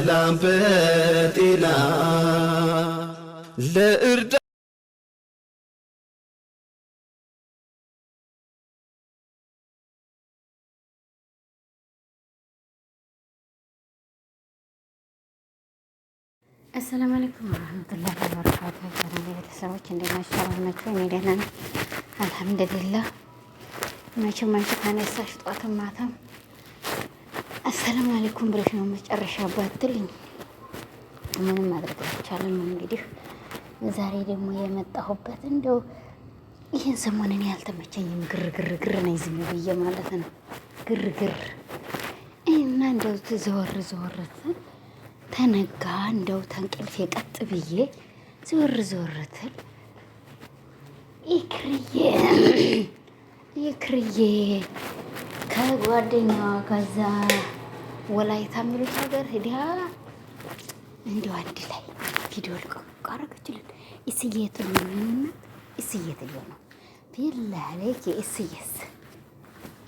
በሰላም በጤና ለእርዳ አሰላሙ አለይኩም ወረህመቱላሂ ወበረካቱ። ሰላም ቤተሰቦች እንዴት ናችሁ? ናችሁ? እኔ ደህና ነኝ አልሐምዱሊላህ። መቼም አንቺ ካነሳሽ ጠዋትም ማታም ሰላም አለይኩም ብለሽ ነው መጨረሻ ባትልኝ ምንም ማድረግ አልቻለም። እንግዲህ ዛሬ ደግሞ የመጣሁበት እንደው ይህን ሰሞኑን ያልተመቸኝም ግርግርግር ነኝ ዝም ብዬ ማለት ነው ግርግር እና እንደው ዘወር ዘወር ተነጋ እንደው ተንቅልፍ የቀጥ ብዬ ዘወር ዘወር ትል ይክርዬ ይክርዬ ከጓደኛዋ ከዛ ወላይታ የሚሉት ሀገር ሂዳ እንዲው አንድ ላይ ቪዲዮ ልቀቅ አረገችልን። እስየት ልሆንና እስየት ልሆን ነው ቢላ ላይክ እስየስ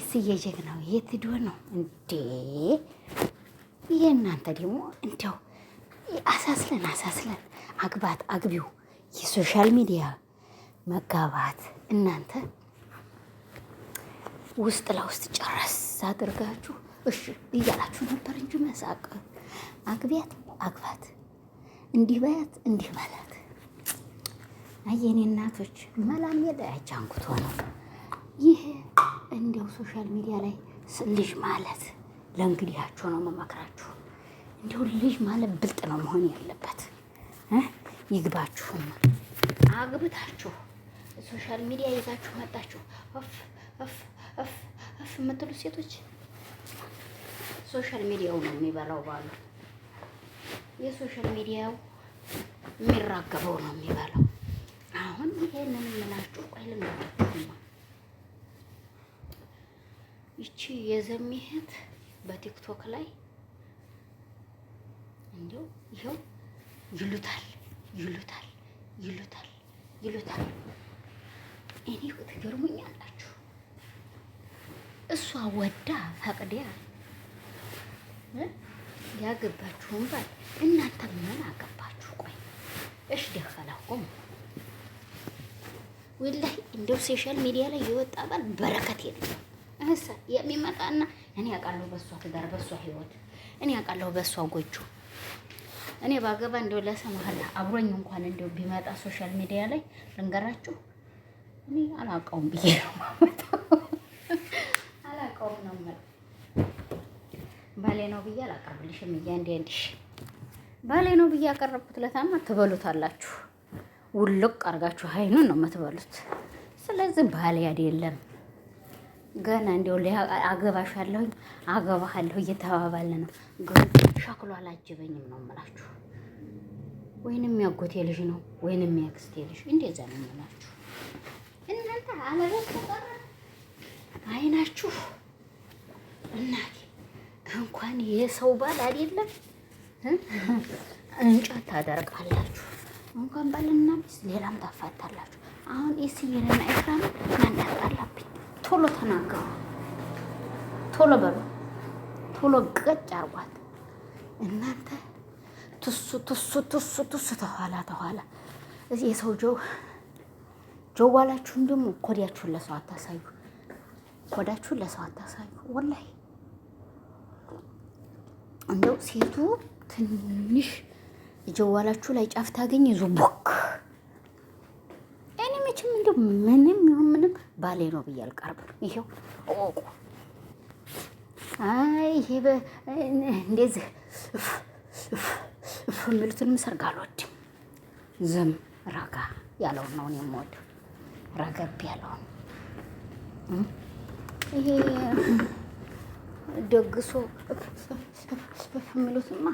እስየ ጀግናው የት ሂዶ ነው እንዴ? ይሄ እናንተ ደግሞ እንዲያው አሳስለን አሳስለን አግባት አግቢው የሶሻል ሚዲያ መጋባት እናንተ ውስጥ ለውስጥ ጨረስ አድርጋችሁ እሺ እያላችሁ ነበር እንጂ መሳቅ አግቢያት አግባት እንዲህ በያት እንዲህ በላት። አየኔ እናቶች መላም የለያች አንኩት ሆነው ይህ እንዲያው ሶሻል ሚዲያ ላይ ልጅ ማለት ለእንግዲያችሁ ነው መመክራችሁ። እንዲሁ ልጅ ማለት ብልጥ ነው መሆን ያለበት። ይግባችሁም አግብታችሁ ሶሻል ሚዲያ ይዛችሁ መጣችሁ እፍ እፍ እፍ እፍ የምትሉ ሴቶች ሶሻል ሚዲያው ነው የሚበላው ባሉ የሶሻል ሚዲያው የሚራገበው ነው የሚበላው። አሁን ይሄንን የምላችሁ ቆይ ልንገራችሁማ፣ ይቺ የዘሚሄት በቲክቶክ ላይ እንዲው ይኸው ይሉታል ይሉታል ይሉታል ይሉታል። እኔ ትገርሙኛላችሁ። እሷ ወዳ ፈቅዳ ያገባችሁን ባል እናንተ ምን አገባችሁ? ቆይ እሽ ደኸላኮ ወላሂ እንደው ሶሻል ሚዲያ ላይ የወጣ ባል በረከት የለም። እህሳ የሚመጣና እኔ አውቃለሁ በሷ ትዳር፣ በሷ ህይወት እኔ አውቃለሁ በሷ ጎጆ እኔ ባገባ እንደው ለሰማህና አብሮኝ እንኳን እንደው ቢመጣ ሶሻል ሚዲያ ላይ ልንገራችሁ፣ እኔ አላውቀውም ብዬ ነው አላውቀውም ነው የምለው ባሌ ነው ብዬ አላቀርብልሽም። እያንዴ አንዲሽ ባሌ ነው ብዬ ያቀረብኩት ለታማ አላችሁ። ውልቅ አርጋችሁ ሀይኑን ነው የምትበሉት። ስለዚህ ባሌ አይደለም ገና እንዲው አገባሻለሁ አገባሃለሁ እየተባባለ ነው፣ ግን ሸክሎ አላጀበኝም ነው የምላችሁ። ወይንም ያጎቴ ልጅ ነው ወይንም ያክስቴ ልጅ እንደዛ ነው የምላችሁ። እናንተ አለበት ተቀረ አይናችሁ እናቴ እንኳን የሰው ባል አይደለም እንጨት ታደርቃላችሁ። እንኳን ባልና ሚስት ሌላም ታፋታላችሁ። አሁን የስይርና ኤፍራን ማንዳት አላብኝ። ቶሎ ተናገሩ፣ ቶሎ በሉ፣ ቶሎ ገጭ አርጓት። እናንተ ትሱ ትሱ ትሱ ትሱ ተኋላ ተኋላ እዚህ የሰው ጀው ጀዋላችሁን ደግሞ ኮዳችሁን ለሰው አታሳዩ፣ ኮዳችሁን ለሰው አታሳዩ ወላይ እንደው ሴቱ ትንሽ ጀዋላችሁ ላይ ጫፍ ታገኝ ይዞ ቦክ እኔ መቼም እንደው ምንም ይሁን ምንም ባሌ ነው ብዬ አልቀርብም። ይሄው እወቁ። አይ ይሄ እንደዚህ የሚሉትንም ሰርግ አልወድም። ዝም ረጋ ያለውን ነው እኔ የምወደው፣ ረገብ ያለውን ይሄ ደግሶ እፍ የሚሉትማ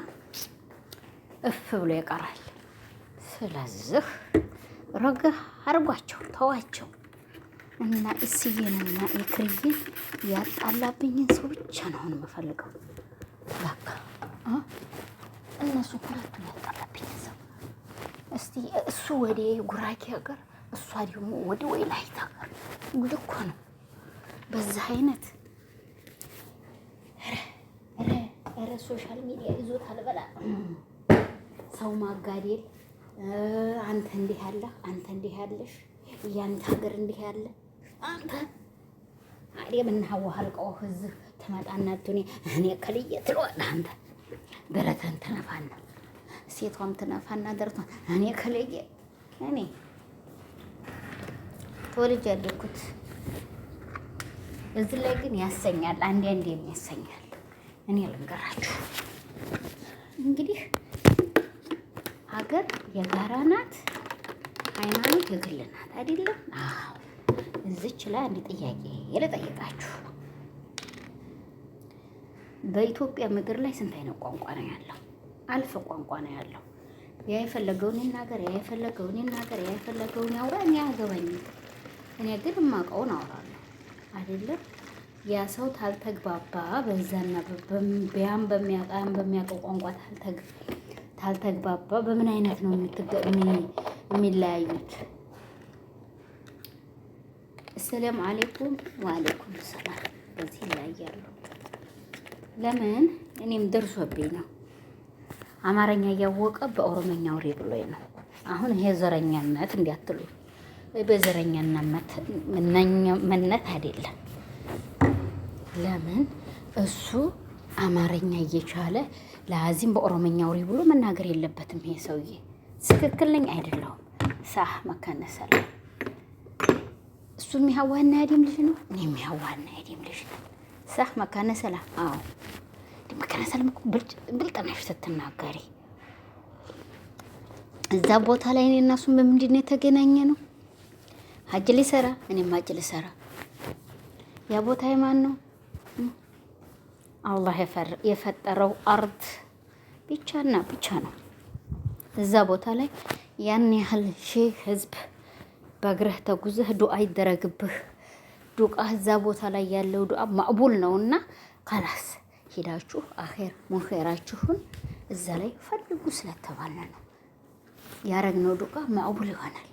እፍ ብሎ ይቀራል። ስለዚህ ረጋ አድርጓቸው፣ ተዋቸው እና እስዬንና ኢክርዬን ያጣላብኝን ሰው ብቻ ነው አሁን የምፈልገው። በቃ እነሱ ሁለቱን ያጣላብኝን ሰው እስቲ እሱ ወደ ጉራጌ ሀገር፣ እሷ ደግሞ ወደ ወይላይት ሀገር ጉድ እኮ ነው በዛ አይነት ኧረ ሶሻል ሚዲያ ይዞታል በላ ሰው ማጋዴል አንተ እንዲህ ያለ አንተ እንዲህ ያለሽ ያንተ ሀገር እንዲህ ያለ አንተ አዲያ ምን ሀዋ አልቀው እዚህ ትመጣና ዱኔ እኔ ከልየ ትለዋል። አንተ ደረተን ትነፋና ሴቷም ትነፋና ደረቷን እኔ ከልየ እኔ ተወልጅ ያደኩት እዚህ ላይ ግን ያሰኛል። አንዴ አንዴም ያሰኛል። እኔ ልንገራችሁ እንግዲህ ሀገር የጋራ ናት፣ ሃይማኖት የግል ናት አይደለም? አዎ። እዚች ላይ አንድ ጥያቄ ልጠይቃችሁ። በኢትዮጵያ ምድር ላይ ስንት አይነት ቋንቋ ነው ያለው? አልፍ ቋንቋ ነው ያለው። ያ የፈለገውን ይናገር፣ ያ የፈለገውን ይናገር፣ ያ የፈለገውን ያውራ። እኔ አያገባኝም። እኔ ግን የማውቀውን አውራለሁ አይደለም ያ ሰው ታልተግባባ በዛና ቢያም በሚያውቃም በሚያውቀው ቋንቋ ታልተግባባ በምን አይነት ነው የሚለያዩት? አሰላሙ አሌይኩም ወአሌይኩም ሰላም። በዚህ ይለያያሉ። ለምን? እኔም ደርሶብኝ ነው። አማርኛ እያወቀ በኦሮመኛ አውሬ ብሎኝ ነው። አሁን ይሄ ዘረኛነት እንዲያትሉ በዘረኛነት መነት አይደለም ለምን እሱ አማርኛ እየቻለ ለአዚም በኦሮመኛ አውሪ ብሎ መናገር የለበትም። ይሄ ሰውዬ ትክክል ነኝ አይደለሁም? ሳህ መካነ እሱ የሚያዋህና ያዲም ልጅ ነው። እኔ የሚያዋህና ያዲም ልጅ ነው። ሳህ መካነ አዎ መካነ ብልጥ ነሽ ስትናገሪ። እዛ ቦታ ላይ እኔ እና እሱን በምንድን ነው የተገናኘ ነው? ሀጅ ሊሰራ እኔም ሀጅ ልሰራ። ያ ቦታ የማን ነው? አላህ የፈጠረው አርት ብቻና ብቻ ነው። እዛ ቦታ ላይ ያን ያህል ሺህ ህዝብ በእግርህ ተጉዘህ ዱዓ ይደረግብህ። ዱቃ እዛ ቦታ ላይ ያለው ዱዓ ማዕቡል ነው እና ካላስ ሂዳችሁ አኼር ሙንኼራችሁን እዛ ላይ ፈልጉ ስለተባለ ነው ያረግነው ዱቃ ማዕቡል ይሆናል።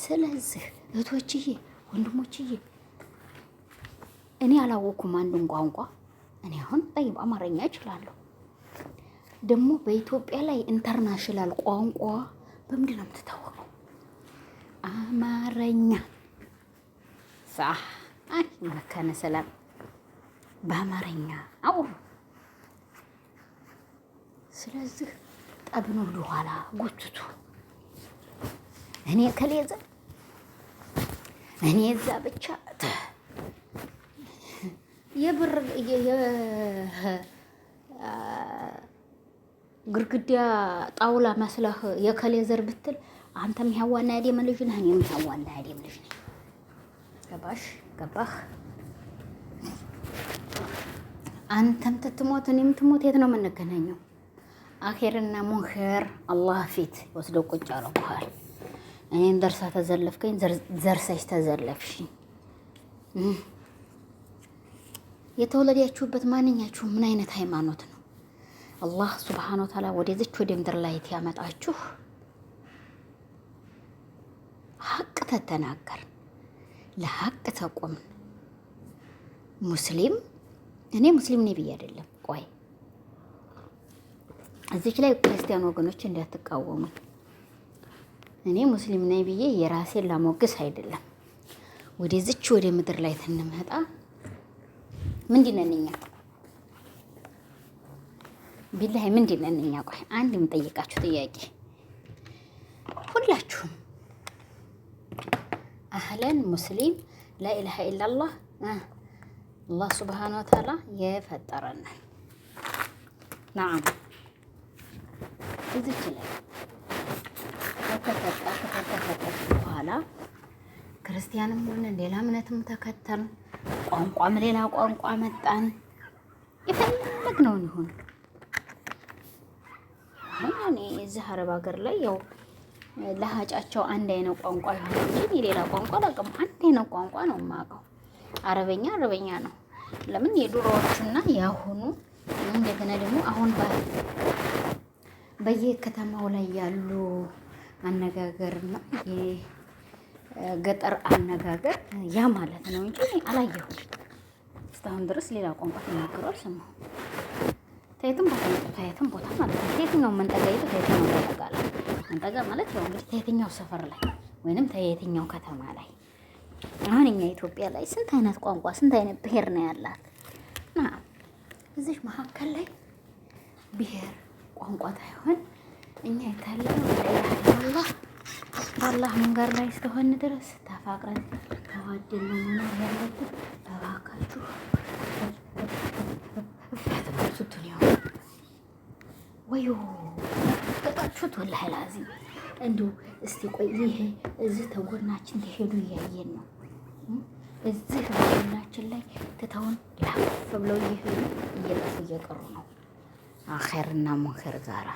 ስለዚህ እህቶችዬ፣ ወንድሞችዬ እኔ አላወኩም አንዱን ቋንቋ እኔ አሁን ጠይብ አማርኛ እችላለሁ። ደግሞ በኢትዮጵያ ላይ ኢንተርናሽናል ቋንቋ በምንድን ነው የምትታወቀው? አማረኛ ሳ አይ መካነ ሰላም በአማርኛ አውሩ። ስለዚህ ጠብን ወደ ኋላ ጎትቱ። እኔ ከሌዘ እኔ እዛ ብቻ የብር ግርግዳ ጣውላ መስለህ የከሌ ዘር ብትል አንተም ይሄዋና ያደም ልጅ ነህ፣ እኔም ይሄዋና ያደም ልጅ ነኝ። ገባሽ ገባህ? አንተም ትትሞት እኔም ትሞት፣ የት ነው የምንገናኘው? አኼርና ሙንኸር አላህ ፊት ወስደው ቁጭ አለብሃል። እኔም ደርሳ ተዘለፍከኝ፣ ዘርሰሽ ተዘለፍሽ። የተወለዳችሁበት ማንኛችሁ ምን አይነት ሃይማኖት ነው? አላህ ሱብሓነሁ ወተዓላ ወደዚች ወደ ምድር ላይ ያመጣችሁ ሀቅ ተተናገር ለሀቅ ተቆም ሙስሊም እኔ ሙስሊም ነኝ ብዬ አይደለም። ቆይ እዚች ላይ ክርስቲያን ወገኖች እንዳትቃወሙ። እኔ ሙስሊም ነኝ ብዬ የራሴን ላሞግስ አይደለም። ወደዚች ወደ ምድር ላይ ትንመጣ ምንድን ነን እኛ? ቢላሂ ምንድን ነን እኛ? ቆይ አንድ የምጠይቃችሁ ጥያቄ ሁላችሁም አህለን ሙስሊም ላኢላሃ ኢላላህ አላህ ስብሓነ ወተዓላ የፈጠረናል። ናዓም እዚች ላይ ከተፈጠርን በኋላ ክርስቲያንም ሆነ ሌላ እምነትም ተከተልን ቋንቋም ሌላ ቋንቋ መጣን። የፈለግነውን ይሁን። አሁን እዚህ አረብ ሀገር ላይ ያው ለሀጫቸው አንድ አይነት ቋንቋ ይሁን እንጂ የሌላ ቋንቋ አላውቅም። አንድ አይነት ቋንቋ ነው የማውቀው። አረበኛ አረበኛ ነው። ለምን የድሮዎቹና የአሁኑ እንደገና ደግሞ አሁን በየከተማው ላይ ያሉ አነጋገር ነው ይሄ ገጠር አነጋገር ያ ማለት ነው እንጂ አላየሁም። እስካሁን ድረስ ሌላ ቋንቋ ተናግሮ አልሰማሁም። ተየትም ቦታ ይምጡ፣ ተየትም ቦታ ማለት ነው። ተየትኛው መንጠጋ ይጡ፣ ተየትኛው መንጠጋ ላይ መንጠጋ ማለት ያው እንግዲህ ተየትኛው ሰፈር ላይ ወይንም ተየትኛው ከተማ ላይ። አሁን እኛ ኢትዮጵያ ላይ ስንት አይነት ቋንቋ ስንት አይነት ብሄር ነው ያላት እና እዚህ መካከል ላይ ብሄር ቋንቋ ታይሆን እኛ የታለ ወደ ከአላህ መንገድ ላይ እስከሆነ ድረስ ተፋቅረን ተዋደን መኖር ያለብን። እባካችሁ ያትመርሱትን ያው ወዮ ጠጣችሁት። ወላሂ ላዚም እንዲሁ እስቲ ቆይ፣ ይሄ እዚህ ተጎናችን ተሄዱ እያየን ነው። እዚህ ተጎናችን ላይ ትተውን ላፍ ብለው እየሄዱ እየጠፉ እየቀሩ ነው። አኼርና ሙንኬር ጋራ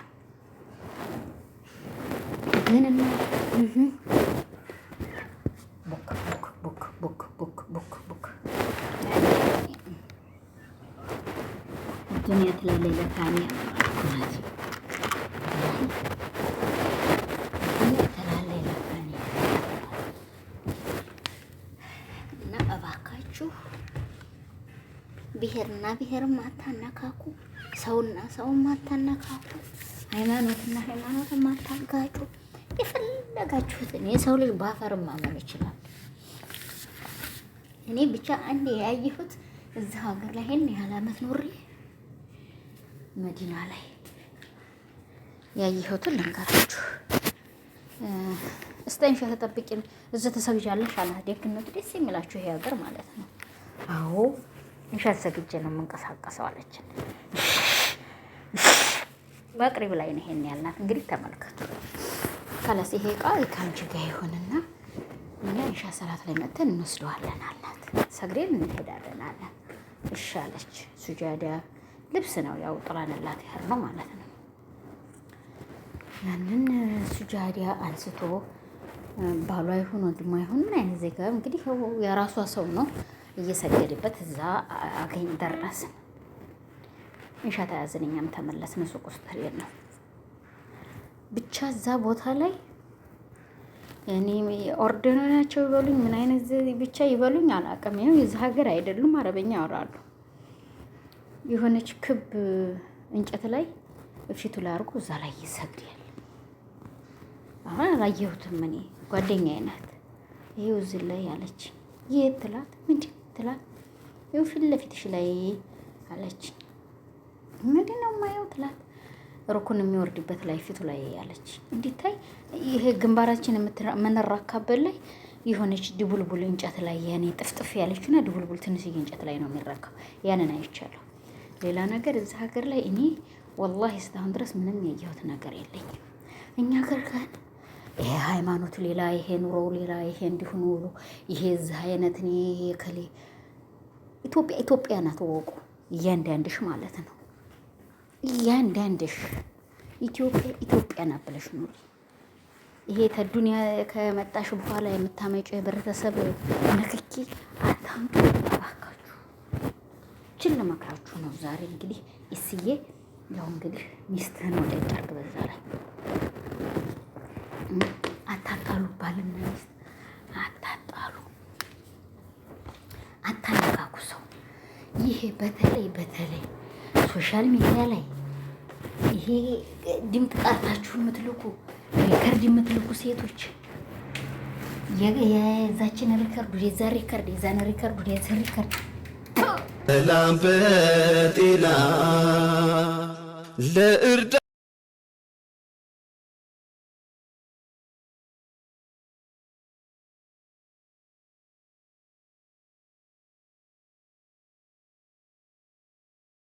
ግን ቡክ ቡክ ቡክ ቡክ ቡክ ቡክ ዱንያ ትላለች ለካኒያ ማለት እና እባካችሁ ብሔርና ብሔርም አታነካኩ፣ ሰውና ሰውም አታነካኩ። ሃይማኖትና ሃይማኖት ማታጋጩ የፈለጋችሁትን የሰው ልጅ ባፈር ማመን ይችላል። እኔ ብቻ አንድ ያየሁት እዚህ ሀገር ላይ ይህን ያህል አመት ኖሬ መዲና ላይ ያየሁትን ልንገራችሁ። እስጠኝ ሸህ ተጠብቂን ተሰግጃለሽ አላት። ደግነቱ ደስ የሚላችሁ ይሄ ሀገር ማለት ነው። አዎ እንሻ ተሰግጄ ነው የምንቀሳቀሰው አለችን። በቅሪብ ላይ ነው ይሄን ያልናት። እንግዲህ ተመልከቱ። ከለስ ይሄ እቃ ከአንቺ ጋር ይሁንና እና ኢንሻ ሰላት ላይ መጥተን እንወስደዋለን አላት። ሰግዴን እንሄዳለን አለ። እሺ አለች። ሱጃዳ ልብስ ነው ያው ጥላንላት ያህል ነው ማለት ነው። ያንን ሱጃዳ አንስቶ ባሏ ይሁን ወንድሟ ይሁን ምን አይነት ዜጋ እንግዲህ የራሷ ሰው ነው እየሰገድበት እዛ አገኝ ደረስን። ኢሻ ተያዝን። እኛም ተመለስን። ሱቅ ውስጥ ሄድ ነው ብቻ እዛ ቦታ ላይ እኔ ኦርደር ናቸው ይበሉኝ፣ ምን አይነት ብቻ ይበሉኝ አላውቅም። ይኸው የዚህ ሀገር አይደሉም፣ አረበኛ ያወራሉ። የሆነች ክብ እንጨት ላይ ፊቱ ላይ አድርጎ እዛ ላይ ይሰግዳል። አሁን አላየሁትም እኔ ጓደኛዬ ናት። ይሄው እዚህ ላይ አለች። የት ትላት ምንድን ትላት፣ ይኸው ፊት ለፊትሽ ላይ አለች። ምንድን ነው የማየው ትላት ሩኩን የሚወርድበት ላይ ፊቱ ላይ ያለች እንዲታይ ይሄ ግንባራችን የምንራካበት ላይ የሆነች ድቡልቡል እንጨት ላይ ያኔ ጥፍጥፍ ያለችና ድቡልቡል ትንሽዬ እንጨት ላይ ነው የሚራካው። ያንን አይቻለሁ። ሌላ ነገር እዚ ሀገር ላይ እኔ ወላሂ እስካሁን ድረስ ምንም ያየሁት ነገር የለኝም። እኛ ሀገር ግን ይሄ ሃይማኖቱ ሌላ፣ ይሄ ኑሮው ሌላ፣ ይሄ እንዲሁን ውሎ ይሄ እዚህ አይነት እኔ ከሌ ኢትዮጵያ ኢትዮጵያ ናት ወቁ እያንዳንድሽ ማለት ነው እያንዳንድሽ ኢትዮጵያ ኢትዮጵያ ናት ብለሽ ኑሪ። ይሄ ተዱንያ ከመጣሽ በኋላ የምታመጪው የህብረተሰብ ንክኪ አታምጡ እባካችሁ። ችን ለመክራችሁ ነው ዛሬ እንግዲህ እስዬ ያው እንግዲህ ሚስትህን ወደ ጫርግ በዛ ላይ አታጣሉ፣ ባልና ሚስት አታጣሉ፣ አታነካኩ ሰው ይሄ በተለይ በተለይ ሶሻል ሚዲያ ላይ ይሄ ድምፅ ቀርታችሁን የምትልኩ ሪከርድ የምትልኩ ሴቶች የዛችን ሪከርድ የዛ ሪከርድ የዛን ሪከርድ የዛ ሪከርድ ሰላም በጤና ለእርዳ